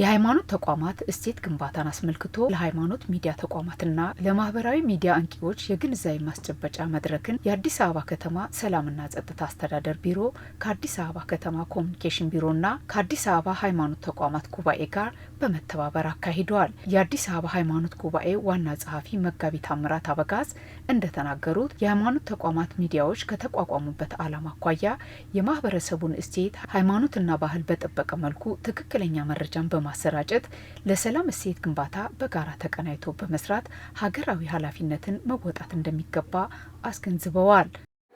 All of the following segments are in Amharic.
የሃይማኖት ተቋማት እሴት ግንባታን አስመልክቶ ለሃይማኖት ሚዲያ ተቋማትና ለማህበራዊ ሚዲያ አንቂዎች የግንዛቤ ማስጨበጫ መድረክን የአዲስ አበባ ከተማ ሰላምና ጸጥታ አስተዳደር ቢሮ ከአዲስ አበባ ከተማ ኮሚኒኬሽን ቢሮና ከአዲስ አበባ ሃይማኖት ተቋማት ጉባኤ ጋር በመተባበር አካሂደዋል። የአዲስ አበባ ሃይማኖት ጉባኤ ዋና ጸሐፊ መጋቢ ታምራት አበጋዝ እንደተናገሩት የሃይማኖት ተቋማት ሚዲያዎች ከተቋቋሙበት ዓላማ አኳያ የማህበረሰቡን እሴት ሃይማኖትና ባህል በጠበቀ መልኩ ትክክለኛ መረጃን በ በማሰራጨት ለሰላም እሴት ግንባታ በጋራ ተቀናይቶ በመስራት ሀገራዊ ኃላፊነትን መወጣት እንደሚገባ አስገንዝበዋል።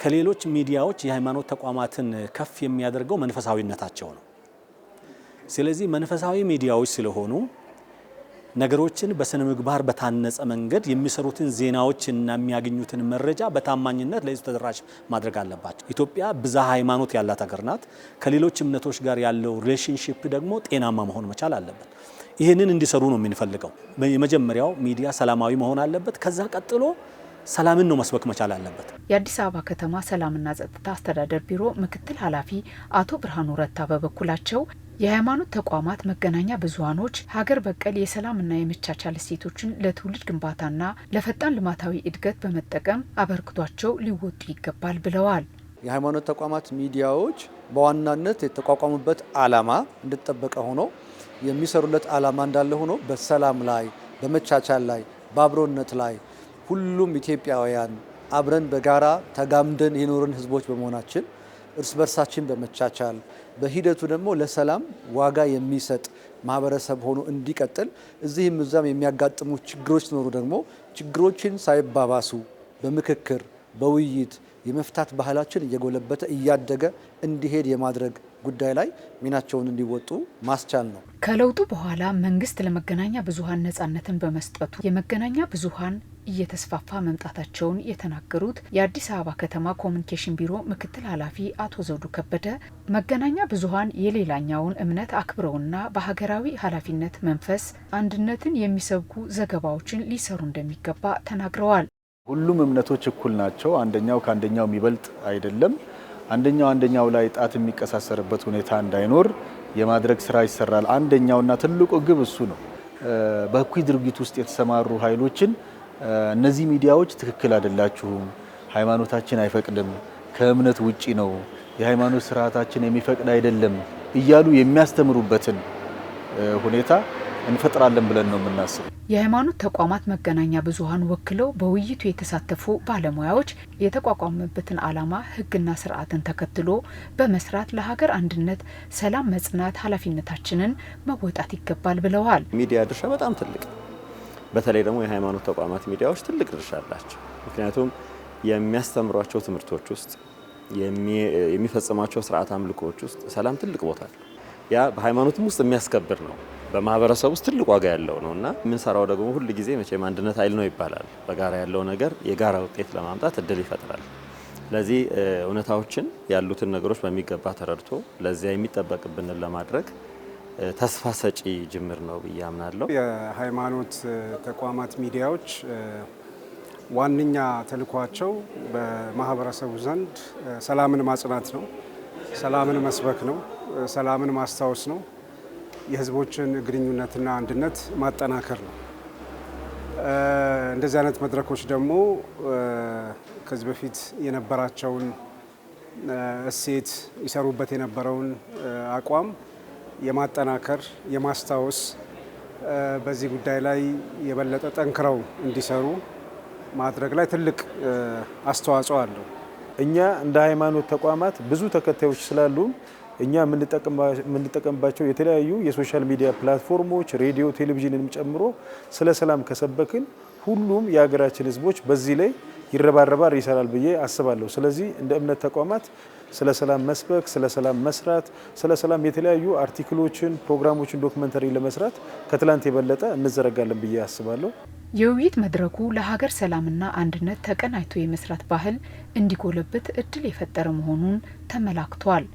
ከሌሎች ሚዲያዎች የሃይማኖት ተቋማትን ከፍ የሚያደርገው መንፈሳዊነታቸው ነው። ስለዚህ መንፈሳዊ ሚዲያዎች ስለሆኑ ነገሮችን በስነ ምግባር በታነጸ መንገድ የሚሰሩትን ዜናዎችና የሚያገኙትን መረጃ በታማኝነት ለህዝብ ተደራሽ ማድረግ አለባቸው። ኢትዮጵያ ብዛ ሃይማኖት ያላት ሀገር ናት። ከሌሎች እምነቶች ጋር ያለው ሪሌሽንሽፕ ደግሞ ጤናማ መሆን መቻል አለበት። ይህንን እንዲሰሩ ነው የምንፈልገው። የመጀመሪያው ሚዲያ ሰላማዊ መሆን አለበት። ከዛ ቀጥሎ ሰላምን ነው መስበክ መቻል አለበት። የአዲስ አበባ ከተማ ሰላምና ጸጥታ አስተዳደር ቢሮ ምክትል ኃላፊ አቶ ብርሃኑ ረታ በበኩላቸው የሃይማኖት ተቋማት መገናኛ ብዙሃኖች ሀገር በቀል የሰላምና የመቻቻል እሴቶችን ለትውልድ ግንባታና ለፈጣን ልማታዊ እድገት በመጠቀም አበርክቷቸው ሊወጡ ይገባል ብለዋል። የሃይማኖት ተቋማት ሚዲያዎች በዋናነት የተቋቋሙበት ዓላማ እንደተጠበቀ ሆኖ የሚሰሩለት ዓላማ እንዳለ ሆኖ በሰላም ላይ፣ በመቻቻል ላይ፣ በአብሮነት ላይ ሁሉም ኢትዮጵያውያን አብረን በጋራ ተጋምደን የኖርን ህዝቦች በመሆናችን እርስ በርሳችን በመቻቻል በሂደቱ ደግሞ ለሰላም ዋጋ የሚሰጥ ማህበረሰብ ሆኖ እንዲቀጥል እዚህም እዛም የሚያጋጥሙ ችግሮች ሲኖሩ ደግሞ ችግሮችን ሳይባባሱ በምክክር በውይይት የመፍታት ባህላችን እየጎለበተ እያደገ እንዲሄድ የማድረግ ጉዳይ ላይ ሚናቸውን እንዲወጡ ማስቻል ነው። ከለውጡ በኋላ መንግስት ለመገናኛ ብዙሀን ነጻነትን በመስጠቱ የመገናኛ ብዙሀን እየተስፋፋ መምጣታቸውን የተናገሩት የአዲስ አበባ ከተማ ኮሚኒኬሽን ቢሮ ምክትል ኃላፊ አቶ ዘውዱ ከበደ መገናኛ ብዙሃን የሌላኛውን እምነት አክብረውና በሀገራዊ ኃላፊነት መንፈስ አንድነትን የሚሰብኩ ዘገባዎችን ሊሰሩ እንደሚገባ ተናግረዋል። ሁሉም እምነቶች እኩል ናቸው። አንደኛው ከአንደኛው የሚበልጥ አይደለም። አንደኛው አንደኛው ላይ ጣት የሚቀሳሰርበት ሁኔታ እንዳይኖር የማድረግ ስራ ይሰራል። አንደኛውና ትልቁ ግብ እሱ ነው። በእኩይ ድርጊት ውስጥ የተሰማሩ ኃይሎችን እነዚህ ሚዲያዎች ትክክል አይደላችሁም፣ ሃይማኖታችን አይፈቅድም፣ ከእምነት ውጪ ነው፣ የሃይማኖት ስርዓታችን የሚፈቅድ አይደለም እያሉ የሚያስተምሩበትን ሁኔታ እንፈጥራለን ብለን ነው የምናስብ። የሃይማኖት ተቋማት መገናኛ ብዙሀን ወክለው በውይይቱ የተሳተፉ ባለሙያዎች የተቋቋመበትን ዓላማ ህግና ስርዓትን ተከትሎ በመስራት ለሀገር አንድነት፣ ሰላም መጽናት ኃላፊነታችንን መወጣት ይገባል ብለዋል። ሚዲያ ድርሻ በጣም ትልቅ በተለይ ደግሞ የሃይማኖት ተቋማት ሚዲያዎች ትልቅ ድርሻ አላቸው። ምክንያቱም የሚያስተምሯቸው ትምህርቶች ውስጥ የሚፈጽሟቸው ስርዓት አምልኮዎች ውስጥ ሰላም ትልቅ ቦታ አለ። ያ በሃይማኖትም ውስጥ የሚያስከብር ነው፣ በማህበረሰብ ውስጥ ትልቅ ዋጋ ያለው ነው እና የምንሰራው ደግሞ ሁል ጊዜ መቼም አንድነት ኃይል ነው ይባላል። በጋራ ያለው ነገር የጋራ ውጤት ለማምጣት እድል ይፈጥራል። ስለዚህ እውነታዎችን ያሉትን ነገሮች በሚገባ ተረድቶ ለዚያ የሚጠበቅብንን ለማድረግ ተስፋ ሰጪ ጅምር ነው ብዬ አምናለሁ። የሃይማኖት ተቋማት ሚዲያዎች ዋነኛ ተልኳቸው በማህበረሰቡ ዘንድ ሰላምን ማጽናት ነው፣ ሰላምን መስበክ ነው፣ ሰላምን ማስታወስ ነው፣ የህዝቦችን ግንኙነትና አንድነት ማጠናከር ነው። እንደዚህ አይነት መድረኮች ደግሞ ከዚህ በፊት የነበራቸውን እሴት ይሰሩበት የነበረውን አቋም የማጠናከር የማስታወስ በዚህ ጉዳይ ላይ የበለጠ ጠንክረው እንዲሰሩ ማድረግ ላይ ትልቅ አስተዋጽኦ አለው። እኛ እንደ ሃይማኖት ተቋማት ብዙ ተከታዮች ስላሉ እኛ የምንጠቀምባቸው የተለያዩ የሶሻል ሚዲያ ፕላትፎርሞች ሬዲዮ፣ ቴሌቪዥንንም ጨምሮ ስለ ሰላም ከሰበክን ሁሉም የሀገራችን ህዝቦች በዚህ ላይ ይረባረባል፣ ይሰራል ብዬ አስባለሁ። ስለዚህ እንደ እምነት ተቋማት ስለ ሰላም መስበክ፣ ስለ ሰላም መስራት፣ ስለ ሰላም የተለያዩ አርቲክሎችን፣ ፕሮግራሞችን፣ ዶክመንተሪ ለመስራት ከትላንት የበለጠ እንዘረጋለን ብዬ አስባለሁ። የውይይት መድረኩ ለሀገር ሰላምና አንድነት ተቀናጅቶ የመስራት ባህል እንዲጎለበት እድል የፈጠረ መሆኑን ተመላክቷል።